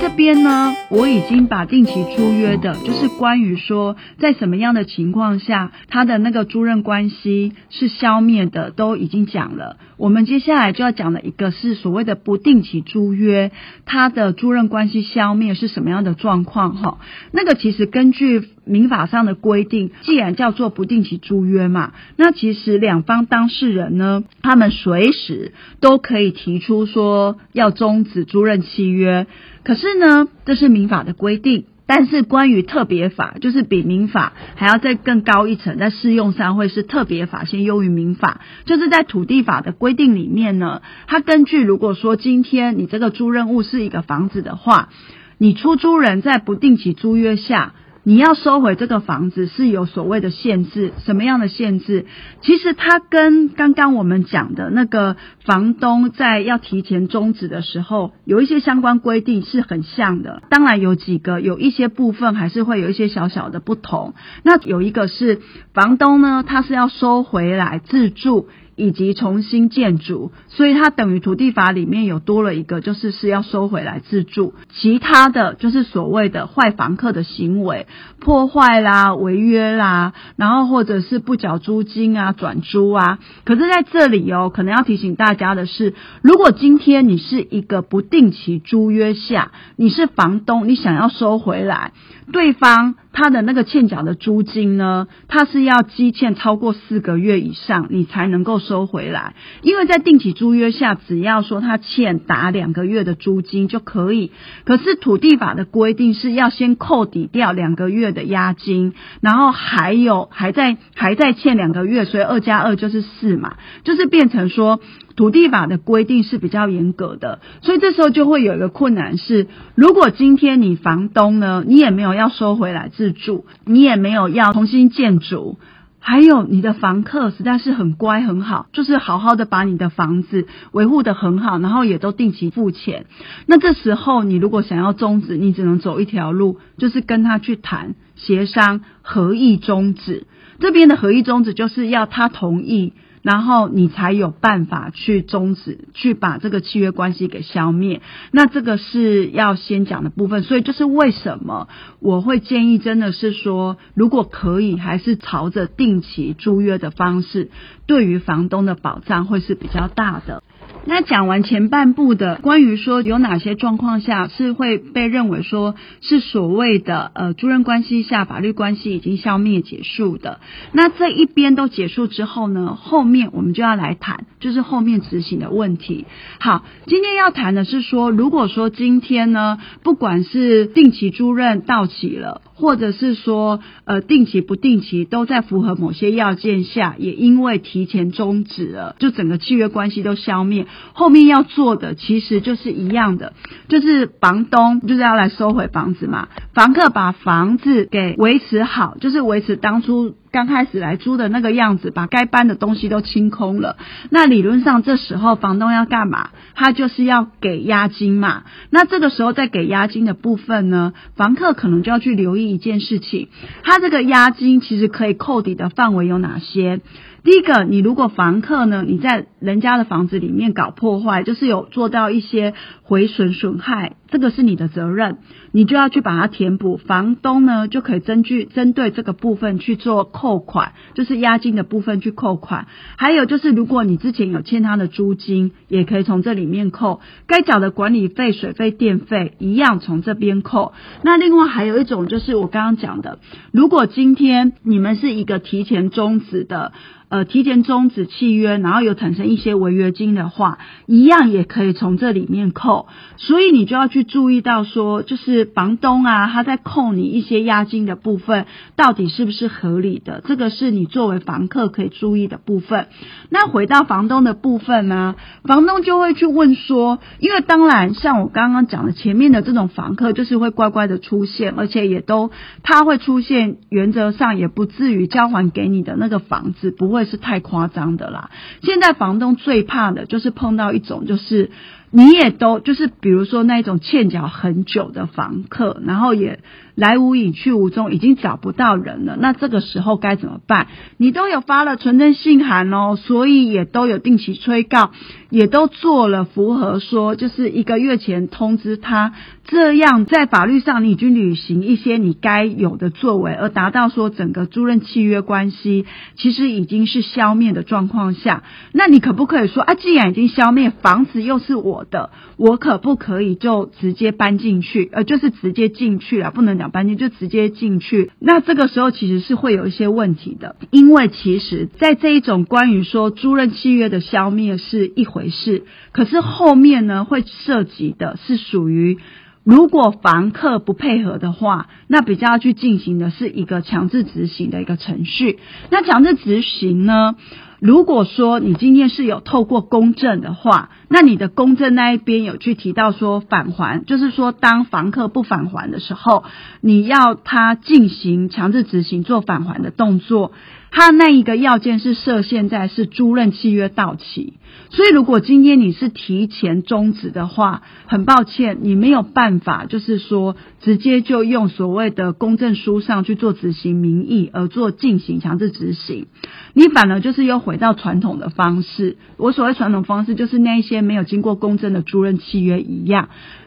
這邊呢，我已經把定期租約的，就是關於說在什麼樣的情況下，他的那個租賃關係是消滅的，都已經講了。我們接下來就要講的一個是所謂的不定期租約，他的租賃關係消滅是什麼樣的狀況？哈，那個其實根據。民法上的規定，既然叫做不定期租約嘛，那其實兩方當事人呢，他們隨時都可以提出說要終止租賃契約。可是呢，這是民法的規定，但是關於特別法，就是比民法還要再更高一層，在適用上會是特別法先優於民法。就是在土地法的規定裡面呢，它根據如果說今天你這個租賃物是一個房子的話，你出租人在不定期租約下。你要收回這個房子是有所謂的限制，什麼樣的限制？其實它跟剛剛我們講的那個房東在要提前終止的時候，有一些相關規定是很像的。當然有幾個有一些部分還是會有一些小小的不同。那有一個是房東呢，他是要收回來自住。以及重新建築，所以它等於土地法裡面有多了一個，就是是要收回來自住。其他的就是所謂的壞房客的行為，破壞啦、違約啦，然後或者是不繳租金啊、轉租啊。可是在這裡哦，可能要提醒大家的是，如果今天你是一個不定期租約下，你是房東，你想要收回來。對方他的那個欠繳的租金呢，他是要積欠超過四個月以上，你才能夠收回來。因為在定期租約下，只要說他欠達兩個月的租金就可以。可是土地法的規定是要先扣抵掉兩個月的押金，然後還有還在還在欠兩個月，所以二加二就是四嘛，就是變成說。土地法的規定是比較嚴格的，所以這時候就會有一個困難是：如果今天你房東呢，你也沒有要收回來自住，你也沒有要重新建築，還有你的房客實在是很乖很好，就是好好的把你的房子維護得很好，然後也都定期付錢。那這時候你如果想要終止，你只能走一條路，就是跟他去談協商合意終止。這邊的合意終止就是要他同意。然後你才有辦法去終止，去把這個契約關係給消滅。那這個是要先講的部分，所以就是為什麼我會建議，真的是說，如果可以，還是朝着定期租約的方式，對於房東的保障會是比較大的。那講完前半部的，關於說有哪些狀況下是會被認為說是所謂的呃租賃關係下法律關係已經消滅結束的，那這一邊都結束之後呢，後面我們就要來談，就是後面執行的問題。好，今天要談的是說，如果說今天呢，不管是定期租賃到期了，或者是說呃定期不定期都在符合某些要件下，也因為提前終止了，就整個契約關係都消滅。後面要做的其實就是一樣的，就是房東就是要來收回房子嘛，房客把房子給維持好，就是維持當初剛開始來租的那個樣子，把該搬的東西都清空了。那理論上這時候房東要幹嘛？他就是要給押金嘛。那這個時候在給押金的部分呢，房客可能就要去留意一件事情，他這個押金其實可以扣抵的範圍有哪些？第一個，你如果房客呢，你在人家的房子裡面搞破壞，就是有做到一些毀損損害，這個是你的責任。你就要去把它填補，房東呢就可以根據針對這個部分去做扣款，就是押金的部分去扣款。還有就是如果你之前有欠他的租金，也可以從這裡面扣，該繳的管理費、水費、電費一樣從這邊扣。那另外還有一種就是我剛剛講的，如果今天你們是一個提前終止的，呃，提前終止契約，然後有產生一些違約金的話，一樣也可以從這裡面扣。所以你就要去注意到說，就是。房東啊，他在扣你一些押金的部分，到底是不是合理的？這個是你作為房客可以注意的部分。那回到房東的部分呢？房東就會去問說，因為當然，像我剛剛講的前面的這種房客，就是會乖乖的出現，而且也都他會出現，原則上也不至於交還給你的那個房子，不會是太誇張的啦。現在房東最怕的就是碰到一種就是。你也都就是比如說那種欠繳很久的房客，然後也來無影去無蹤，已經找不到人了。那這個時候該怎麼辦？你都有發了存證信函哦，所以也都有定期催告，也都做了符合說，就是一個月前通知他，這樣在法律上你已經履行一些你該有的作為，而達到說整個租賃契約關係其實已經是消滅的狀況下，那你可不可以說啊？既然已經消滅，房子又是我的。的，我可不可以就直接搬進去？呃，就是直接進去啊，不能講搬進去，就直接進去。那這個時候其實是會有一些問題的，因為其實在這一種關於說租賃契約的消滅是一回事，可是後面呢會涉及的是屬於如果房客不配合的話，那比較要去進行的是一個強制執行的一個程序。那強制執行呢，如果說你今天是有透過公證的話。那你的公證那一邊有去提到說返還，就是說當房客不返還的時候，你要他進行強制執行做返還的動作。他那一個要件是設現在是租賃契約到期，所以如果今天你是提前終止的話，很抱歉你沒有辦法，就是說直接就用所謂的公證書上去做執行名義而做進行強制執行，你反而就是又回到傳統的方式。我所謂傳統方式就是那一些。沒有經過公證的租賃契約一樣。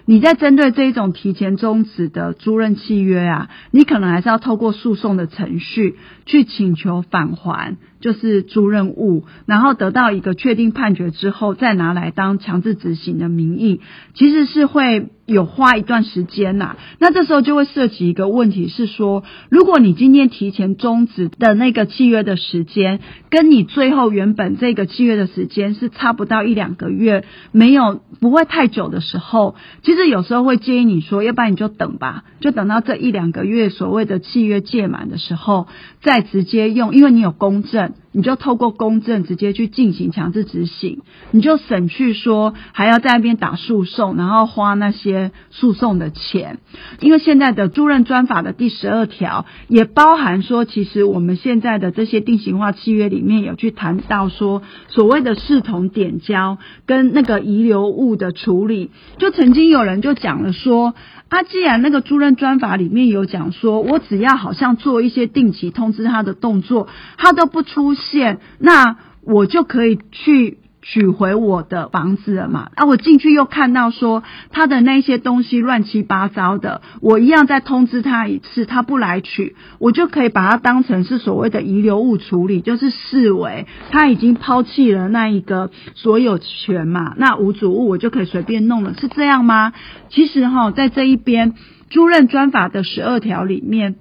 你在針對這一種提前終止的租賃契約啊，你可能還是要透過訴訟的程序去請求返還，就是租賃物，然後得到一個確定判決之後，再拿來當強制執行的名義，其實是會有花一段時間吶、啊。那這時候就會涉及一個問題是說，如果你今天提前終止的那個契約的時間，跟你最後原本這個契約的時間是差不到一兩個月，沒有不會太久的時候，其實。是有時候會建議你說，要不然你就等吧，就等到這一兩個月所謂的契約屆滿的時候再直接用，因為你有公證。你就透過公證直接去進行強制執行，你就省去說還要在那邊打訴訟，然後花那些訴訟的錢。因為現在的《租賃專法》的第十二條也包含說，其實我們現在的這些定型化契約裡面有去談到說，所謂的視同點交跟那個遺留物的處理，就曾經有人就講了說。啊，既然那個租賃專法裡面有講說，我只要好像做一些定期通知他的動作，他都不出現，那我就可以去。取回我的房子了嘛？那、啊、我進去又看到說他的那些東西亂七八糟的，我一樣再通知他一次，他不來取，我就可以把它當成是所謂的遺留物處理，就是視為他已經拋棄了那一個所有權嘛？那無主物我就可以隨便弄了，是這樣嗎？其實哈、哦，在這一邊租賃專法的十二條裡面。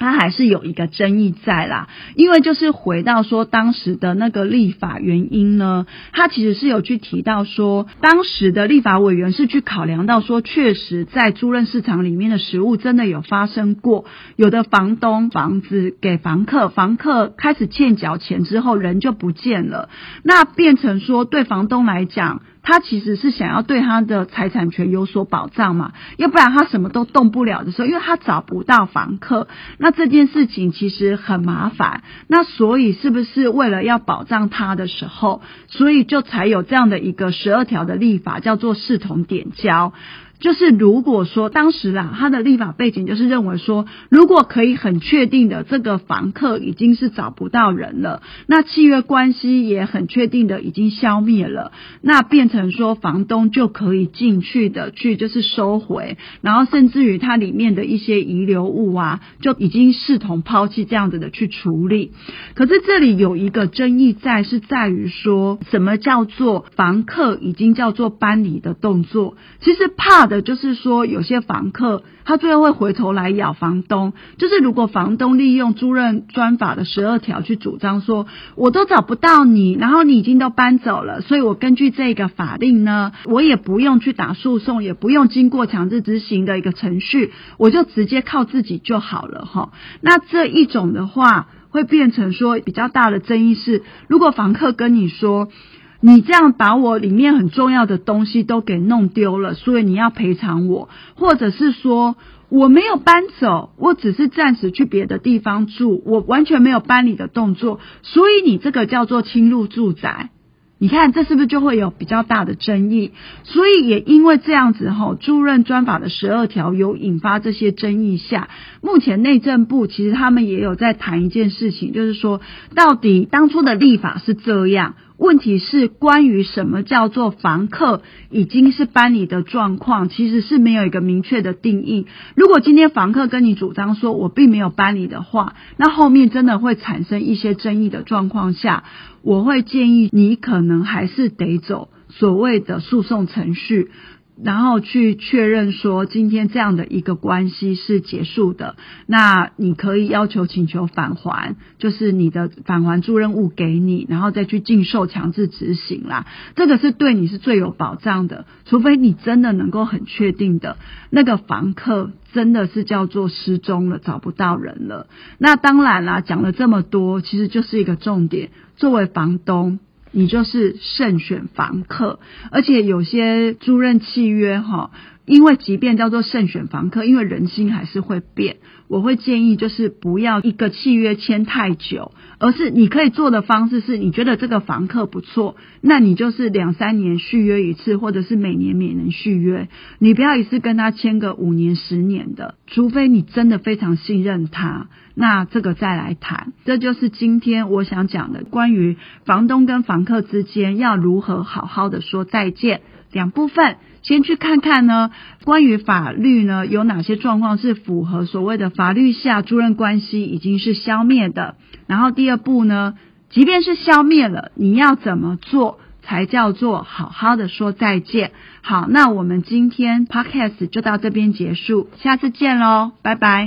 他還是有一個爭議在啦，因為就是回到說當時的那個立法原因呢，他其實是有去提到說，當時的立法委員是去考量到說，確實在租賃市場裡面的實務真的有發生過，有的房東房子給房客，房客開始欠繳錢之後人就不見了，那變成說對房東來講。他其實是想要對他的財產權有所保障嘛，要不然他什麼都動不了的時候，因為他找不到房客，那這件事情其實很麻煩。那所以是不是為了要保障他的時候，所以就才有這樣的一個十二條的立法，叫做視同點交。就是如果說當時啦，他的立法背景就是認為說，如果可以很確定的這個房客已經是找不到人了，那契約關係也很確定的已經消滅了，那變成說房東就可以進去的去就是收回，然後甚至於它裡面的一些遺留物啊，就已經視同拋棄這樣子的去處理。可是這裡有一個爭議在是，在於說，什麼叫做房客已經叫做搬離的動作？其實怕。的就是說，有些房客他最後會回頭來咬房東。就是如果房東利用租賃專法的十二條去主張說，我都找不到你，然後你已經都搬走了，所以我根據這個法令呢，我也不用去打訴訟，也不用經過強制執行的一個程序，我就直接靠自己就好了齁。那這一種的話，會變成說比較大的爭議是，如果房客跟你說，你這樣把我裡面很重要的東西都給弄丟了，所以你要賠償我，或者是說我沒有搬走，我只是暫時去別的地方住，我完全沒有搬離的動作，所以你這個叫做侵入住宅。你看這是不是就會有比較大的爭議？所以也因為這樣子吼，租賃專法的十二條有引發這些爭議下，目前內政部其實他們也有在談一件事情，就是說到底當初的立法是這樣。問題是關於什麼叫做房客已經是搬離的狀況，其實是沒有一個明確的定義。如果今天房客跟你主張說我並沒有搬離的話，那後面真的會產生一些爭議的狀況下，我會建議你可能還是得走所謂的訴訟程序。然後去確認說今天這樣的一個關係是結束的，那你可以要求請求返還，就是你的返還租賃物給你，然後再去逕受強制執行啦。這個是對你是最有保障的，除非你真的能夠很確定的那個房客真的是叫做失蹤了，找不到人了。那當然啦，講了這麼多，其實就是一個重點，作為房東，你就是慎選房客，而且有些租賃契約，哈。因為即便叫做慎選房客，因為人心還是會變。我會建議就是不要一個契約簽太久，而是你可以做的方式是你覺得這個房客不錯，那你就是兩三年續約一次，或者是每年每年續約。你不要一次跟他簽個五年、十年的，除非你真的非常信任他，那這個再來談。這就是今天我想講的關於房東跟房客之間要如何好好的說再見，兩部分先去看看呢？關於法律呢，有哪些狀況是符合所謂的法律下租賃關係已經是消滅的？然後第二步呢，即便是消滅了，你要怎麼做才叫做好好的說再見？好，那我們今天 Podcast 就到這邊結束，下次見嘍，拜拜。